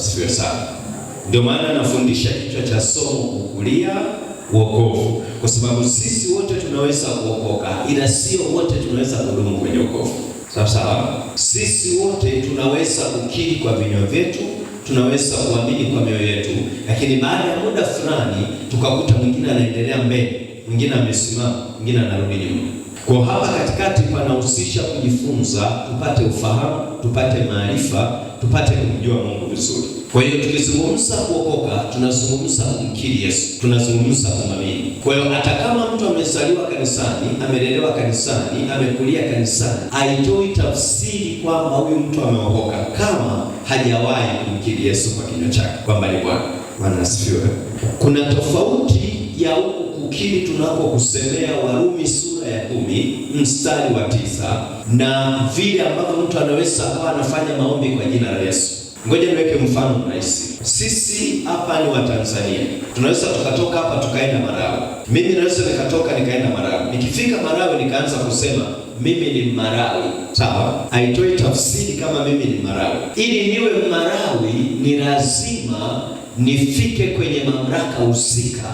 Asifiwe sana. Ndio maana anafundisha kichwa cha somo kukulia wokovu, kwa sababu sisi wote tunaweza kuokoka, ila sio wote tunaweza kudumu kwenye wokovu. Sawa sawa, sisi wote tunaweza kukiri kwa vinywa vyetu tunaweza kuamini kwa mioyo yetu, lakini baada ya muda fulani tukakuta mwingine anaendelea mbele, mwingine amesimama, mwingine anarudi nyuma. Kwa hapa katikati panahusisha kujifunza, tupate ufahamu tupate maarifa, tupate kumjua Mungu vizuri. Kwa hiyo tukizungumza kuokoka, tunazungumza kumkiri Yesu, tunazungumza kumamini. Kwa hiyo hata kama mtu amezaliwa kanisani, amelelewa kanisani, amekulia kanisani, haitoi tafsiri kwamba huyu mtu ameokoka kama hajawahi kumkiri Yesu kwa kinywa chake kwamba ni Bwana. Bwana asifiwe. Kuna tofauti ya huku kukiri tunapokusemea Warumi sura ya kumi mstari wa tisa na vile ambavyo mtu anaweza kwa anafanya maombi kwa jina la Yesu. Ngoja niweke mfano rahisi. Sisi hapa ni Watanzania, tunaweza tukatoka hapa tukaenda Marawi. Mimi naweza nikatoka nikaenda Marawi, nikifika Marawi nikaanza kusema mimi ni Marawi, sawa? Haitoi tafsiri kama mimi ni Marawi. Ili niwe Marawi ni lazima nifike kwenye mamlaka husika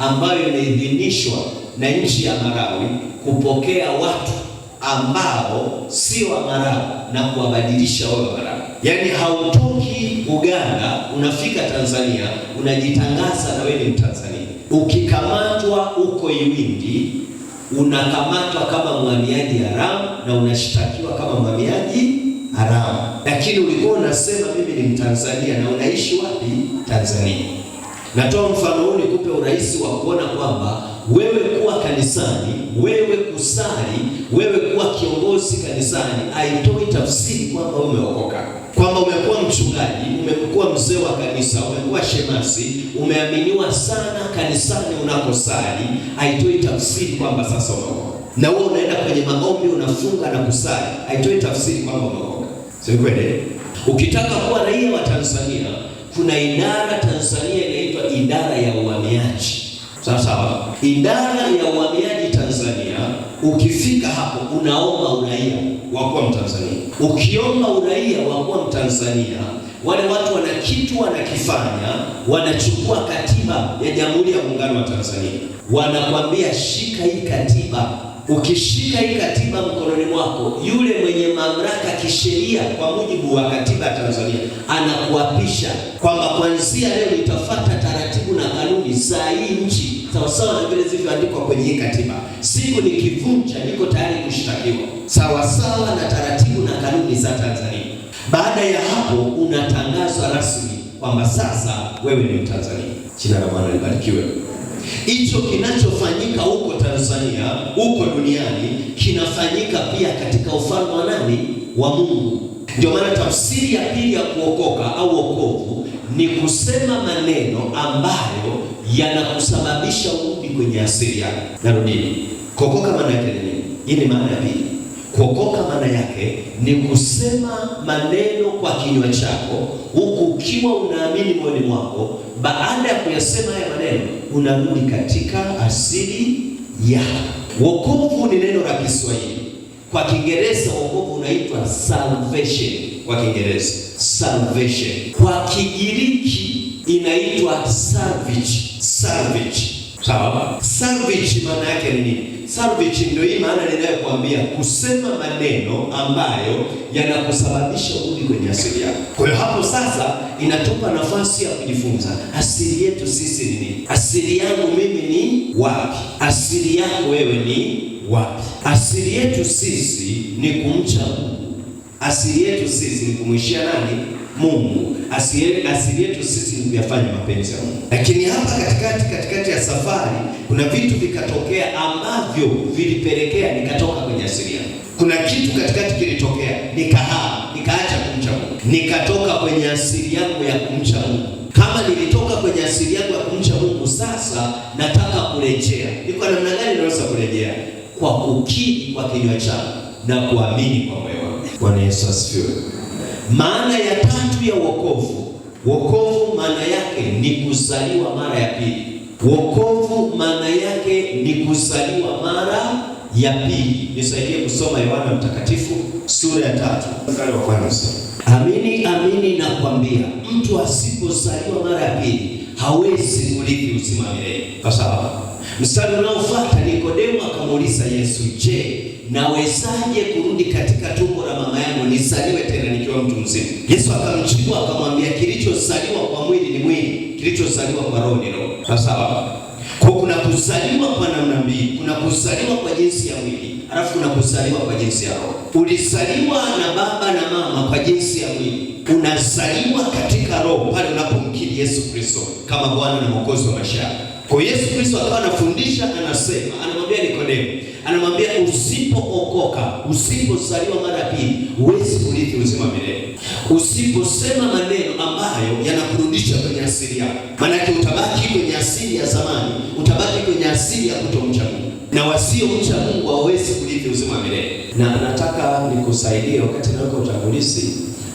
ambayo imeidhinishwa na nchi ya Malawi kupokea watu ambao si wa Malawi na kuwabadilisha wao Malawi. Yaani hautoki Uganda unafika Tanzania unajitangaza na wewe ni Mtanzania. Ukikamatwa huko Iwindi unakamatwa kama mhamiaji haramu na unashtakiwa kama mhamiaji haramu, lakini ulikuwa unasema mimi ni Mtanzania na unaishi wapi? Tanzania. Natoa mfano huu nikupe urahisi wa kuona kwamba wewe kuwa kanisani, wewe kusali, wewe kuwa kiongozi kanisani haitoi tafsiri kwamba umeokoka, kwamba umekuwa mchungaji, umekuwa mzee wa kanisa, umekuwa shemasi, umeaminiwa sana kanisani unakosali, haitoi tafsiri kwamba sasa umeokoka. Na wewe unaenda kwenye maombi, unafunga na kusali, haitoi tafsiri kwamba umeokoka, si kweli? Ukitaka kuwa raia wa Tanzania kuna idara Tanzania inaitwa idara ya uhamiaji. sawa, idara ya uhamiaji Tanzania, ukifika hapo unaomba uraia wa kuwa Mtanzania. Ukiomba uraia wa kuwa Mtanzania, wale watu wana kitu wanakifanya, wanachukua katiba ya Jamhuri ya Muungano wa Tanzania, wanakwambia shika hii katiba Ukishika hii katiba mkononi mwako, yule mwenye mamlaka kisheria kwa mujibu wa katiba ya Tanzania anakuapisha kwamba kuanzia leo itafata taratibu na kanuni za hii nchi sawasawa na vile zilivyoandikwa kwenye hii katiba. Siku nikivunja, niko tayari kushtakiwa sawasawa na taratibu na kanuni za Tanzania. Baada ya hapo, unatangazwa rasmi kwamba sasa wewe ni Mtanzania. Jina la Bwana libarikiwe. Hicho kinachofanyika huko Tanzania, huko duniani kinafanyika pia katika ufalme wa nani? Wa Mungu. Ndio maana tafsiri ya pili ya kuokoka au wokovu ni kusema maneno ambayo yanakusababisha urudi kwenye asili yako. Narudia, kuokoka maana yake ni nini? Hii ni maana ya pili. Kuokoka maana yake ni kusema maneno kwa kinywa chako huku ukiwa unaamini moyoni mwako. Baada ya kuyasema haya maneno, unarudi katika asili ya wokovu. Ni neno la Kiswahili. Kwa Kiingereza wokovu unaitwa salvation, kwa Kiingereza salvation, kwa Kigiriki inaitwa salvage. Salvage, sawa. Salvage maana yake ni nini? Salvage ndio hii maana ninayokuambia, kusema maneno ambayo yanakusababisha urudi kwenye asili yako. Kwa hiyo hapo sasa inatupa nafasi ya kujifunza asili yetu sisi ni nini. Asili yangu mimi ni wapi? Asili yako wewe ni wapi? Asili yetu sisi ni kumcha Mungu. Asili yetu sisi ni kumwishia nani? Mungu. Asili yetu sisi ni kuyafanya mapenzi ya Mungu, lakini hapa katikati, katikati ya safari kuna vitu vikatokea ambavyo vilipelekea nikatoka kwenye asili yangu. Kuna kitu katikati kilitokea, nikahaa, nikaacha kumcha Mungu, nikatoka kwenye asili yangu ya kumcha Mungu. Kama nilitoka kwenye asili yangu ya kumcha Mungu, sasa nataka kurejea. Ni kwa namna gani naweza kurejea? Kwa kukiri kwa kinywa changu na kuamini kwa moyo wangu. Bwana Yesu asifiwe. Maana ya tatu ya wokovu, wokovu maana yake ni kuzaliwa mara ya pili. Wokovu maana yake ni kuzaliwa mara ya pili. Nisaidie kusoma Yohana Mtakatifu sura ya tatu mstari wa kwanza. Amini amini nakwambia mtu asipozaliwa mara ya pili hawezi kurithi uzima milele. Kwa sababu mstari unaofuata Nikodemo akamuuliza Yesu, je, nawezaje kurudi katika tumbo la mama yangu nisaliwe tena nikiwa mtu mzima? Yesu akamjibu akamwambia, kilichozaliwa kwa mwili ni mwili, kilichozaliwa kwa roho ni roho. Kwa sababu kwa kuna kusaliwa kwa namna mbili, kuna kusaliwa kwa jinsi ya mwili, alafu kuna kusaliwa kwa jinsi ya roho. Ulisaliwa na baba na mama kwa jinsi ya mwili, unasaliwa katika roho pale unapomkiri Yesu Kristo kama Bwana na Mwokozi wa maisha yako. Kwa Yesu Kristo akawa anafundisha, anasema, anamwambia Nikodemo, anamwambia usipookoka, usiposaliwa mara pili, huwezi kurithi uzima milele, usiposema maneno ambayo yanakurudisha kwenye asili yako, maanake utabaki kwenye asili ya zamani, utabaki kwenye asili ya kutomcha Mungu, na wasiomcha Mungu hawawezi kurithi uzima wa milele. Na nataka nikusaidie wakati naweka utangulizi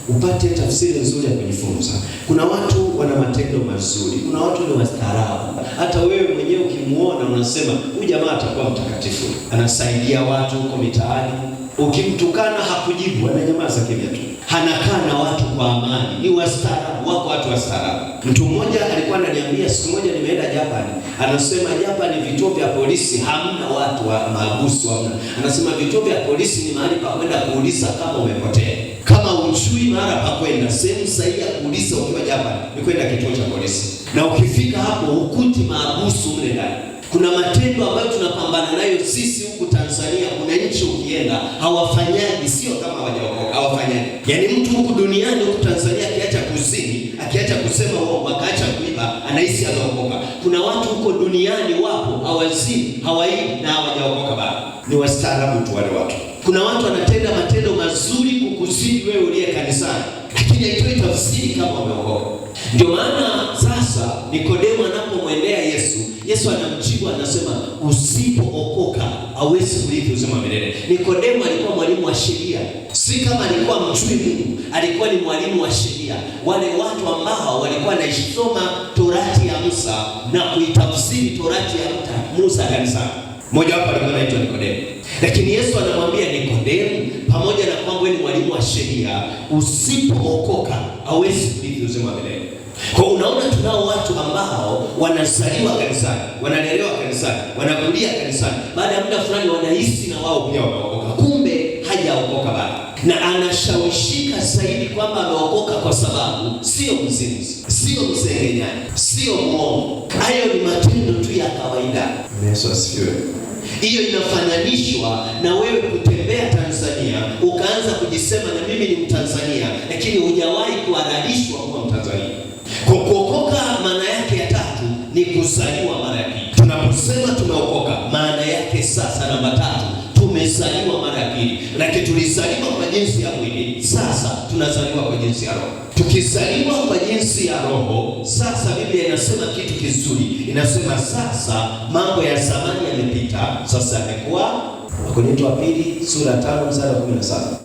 upate tafsiri nzuri ya kujifunza. Kuna watu wana matendo mazuri, kuna watu ni wastaarabu. Hata wewe mwenyewe ukimuona unasema huyu jamaa atakuwa mtakatifu, anasaidia watu huko mitaani Ukimtukana hakujibu, ananyamaza kimya tu, hanakaa na watu kwa amani. Ni wastaarabu, wako watu wastaarabu. Mtu mmoja alikuwa ananiambia siku moja, nimeenda Japani, anasema Japani vituo vya polisi hamna watu wa mahabusu, hamna. Anasema vituo vya polisi ni mahali pa kwenda kuuliza kama umepotea, kama uchui mara pa kwenda. Sehemu sahihi ya kuuliza ukiwa Japani ni kwenda kituo cha polisi, na ukifika hapo ukuti mahabusu mle ndani kuna matendo ambayo tunapambana nayo sisi huku Tanzania. Kuna nchi ukienda hawafanyaji, sio kama wajaokoka, hawafanyaji. Yaani mtu huku duniani huku Tanzania akiacha kuzini, akiacha kusema uongo, akaacha kuiba, anahisi anaokoka. Kuna watu huko duniani wapo hawazini, hawaibi na hawajaokoka bado, ni wastaarabu tu wale watu. Kuna watu wanatenda matendo mazuri kukuzidi wewe uliye kanisani, lakini haitoi tafsiri kama wameokoka. Ndio maana sasa Nikodemo Yesu anamjibu anasema, usipookoka hauwezi kurithi uzima milele. Nikodemo alikuwa mwalimu wa sheria, si kama alikuwa mjui Mungu, alikuwa ni mwalimu wa sheria. Wale watu ambao walikuwa wanaisoma torati ya Musa na kuitafsiri torati ya Musa kanisa mmoja wapo alikuwa anaitwa Nikodemo, lakini Yesu anamwambia Nikodemo, pamoja na kwamba wewe ni mwalimu wa sheria, usipookoka hauwezi kurithi uzima milele. Kwa unaona tunao watu ambao wanazaliwa kanisani, wanalelewa kanisani, wanakulia kanisani, baada ya muda fulani wanahisi na wao pia wanaokoka. kumbe hajaokoka bado, na anashawishika zaidi kwamba ameokoka kwa sababu sio mzinzi, sio msengenyaji, sio mwongo. Hayo ni matendo tu ya kawaida. Yesu asifiwe. Hiyo inafananishwa na wewe kutembea Tanzania ukaanza kujisema na mimi ni Mtanzania, lakini hujawahi kuhalalisha kuzaliwa mara ya pili. Tunaposema tumeokoka, maana yake sasa, namba tatu, tumezaliwa mara ya pili. Lakini tulizaliwa kwa jinsi ya mwili, sasa tunazaliwa kwa jinsi ya roho. Tukizaliwa kwa jinsi ya roho, sasa Biblia inasema kitu kizuri, inasema sasa mambo ya zamani yamepita, sasa yamekuwa. Wakorintho wa pili sura 5 mstari wa 17.